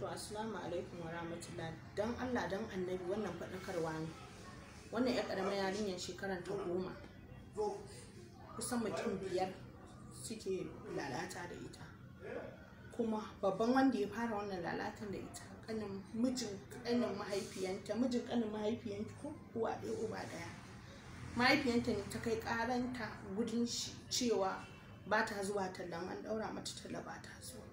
to assalamu alaikum wa rahmatullah dan Allah dan annabi wannan faɗakarwa ne wannan ya ƙaramar yarinyar shekaran ta goma kusan mutum biyar suke lalata da ita kuma babban wanda ya fara wannan lalatan da ita kanin mijin kanin mahaifiyanta mijin kanin mahaifiyanta ko uwa ɗaya uba ɗaya mahaifiyanta ne ta kai karanta gudun shi cewa ba ta zuwa tallan an ɗaura mata talla ba ta zuwa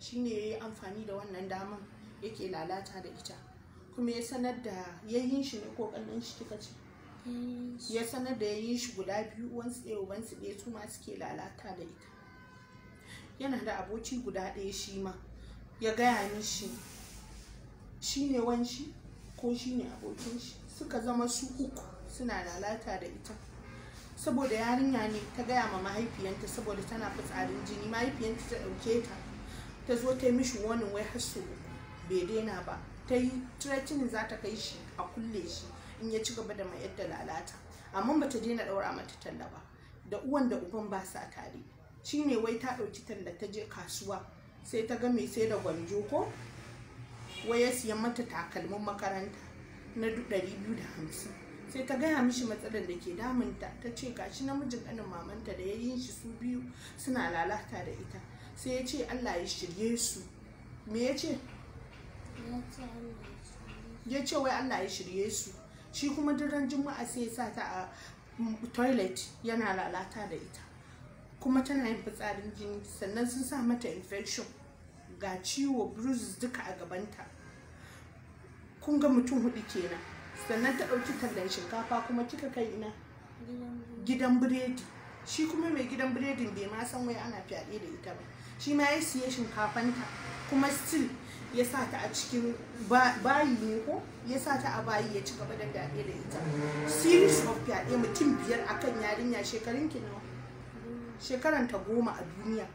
shine ya yi amfani da wannan daman yake lalata da ita kuma ya sanar da yayin shi ne ko kallon shi kika ce eh. ya sanar da yayin shi guda biyu wansu ɗaya wansu ɗaya su ma suke lalata da ita yana da aboki guda ɗaya shi ma ya gaya mishi shi ne wanshi ko shi ne abokin shi suka zama su uku suna lalata da ita saboda yarinya ne ta gaya ma mahaifiyanta saboda tana fitsarin jini mahaifiyanta ta ɗauke ta ta zo ta yi mishi wani wai har su bai daina ba ta yi tiratinin za ta kai shi a kulle shi in ya ci gaba da mayar da lalata amma bata daina ɗaura mata talla ba da uwan da uban ba sa tare ne wai ta ɗauki talla ta je kasuwa sai ta ga mai sai da gwanjo ko wai ya siya mata takalmin makaranta na biyu da hamsin? sai ta gaya mishi matsalar da ke damunta ta ce gashi namijin ƙanin mamanta da ya yi shi su biyu suna lalata da ita sai ya ce Allah ya shirye su me ya ce ya ce wai Allah ya shirye su shi kuma duran juma'a sai ya sa ta a mm, toilet yana lalata da ita kuma tana yin fitsarin jini sannan sun sa mata infection ga ciwo bruises duka a gabanta kun ga mutum hudu kenan sannan ta ɗauki tallan shinkafa kuma kika kai ina gidan biredi shi kuma mai gidan biredin bai ma san wai ana fyaɗe da ita ba shi ma ya siye shinkafanta kuma still ya sa ta a cikin bayi ne ko ya sa ta a bayi ya ci gaba da fyaɗe da ita series of fyaɗe mutum biyar a kan yarinya shekarun ki nawa shekaran ta goma a duniya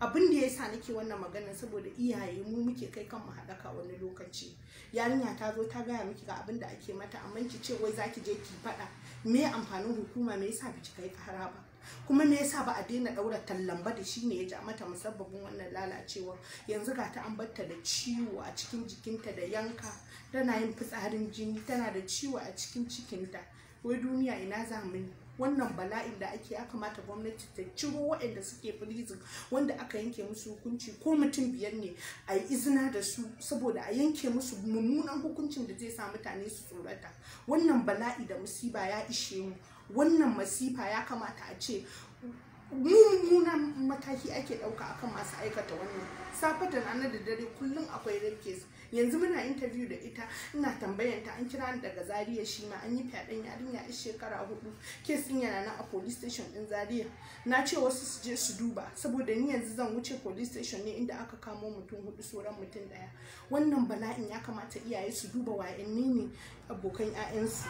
abin da ya sa nake wannan magana saboda iyaye mu muke kai kan mu haɗaka wani lokaci yarinya ta zo ta gaya miki ga abin da ake mata amma ki ce wai zaki je ki faɗa me amfanin hukuma me yasa ba ki kai ka ba kuma me yasa ba a daina daura tallan ba da shine ya ja mata musabbabin wannan lalacewa yanzu ga ta an da ciwo a cikin jikinta da yanka tana yin fitsarin jini tana da ciwo a cikin cikinta wai duniya ina zamani wannan bala'in da ake ya kamata gwamnati ta ciro waɗanda suke firizin wanda aka yanke musu hukunci ko mutum biyar ne a yi izina da su saboda a yanke musu mummunan hukuncin da zai sa mutane su tsorata wannan bala'i da musiba ya ishe mu wannan masifa ya kamata a ce mummunan mataki ake ɗauka akan masu aikata wannan safe da rana da dare kullum akwai rape yanzu muna interview da ita ina tambayan ta an kira ni daga Zaria shi ma an yi fyaɗen yarinya a shekara hudu kes din yana nan a police station din Zaria na ce wasu su je su duba saboda ni yanzu zan wuce police station ne inda aka kamo mutum hudu sauran mutum ɗaya wannan bala'in ya kamata iyaye su duba wa'anni ne abokan 'ya'yansu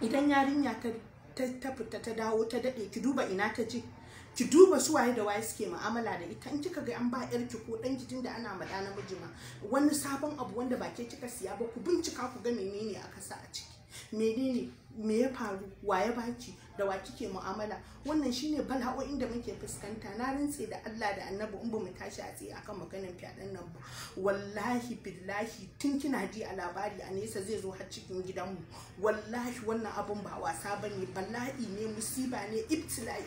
idan yarinya ta fita ta dawo ta daɗe ki duba ina ta je ki duba su waye da waye suke mu'amala da ita in kika ga an ba yarki ko dan ki da ana ma namiji miji ma wani sabon abu wanda ba ke kika siya ba ku bincika ku ga menene aka sa a ciki menene me ya faru waye baki da wa kike mu'amala wannan shine bala'o'in da muke fuskanta na rantse da Allah da Annabi in bamu tashi a tsaye akan maganar fiadan nan ba wallahi billahi tun kina ji a labari a nesa zai zo har cikin gidanmu wallahi wannan abun ba wasa bane bala'i ne musiba ne ibtila'i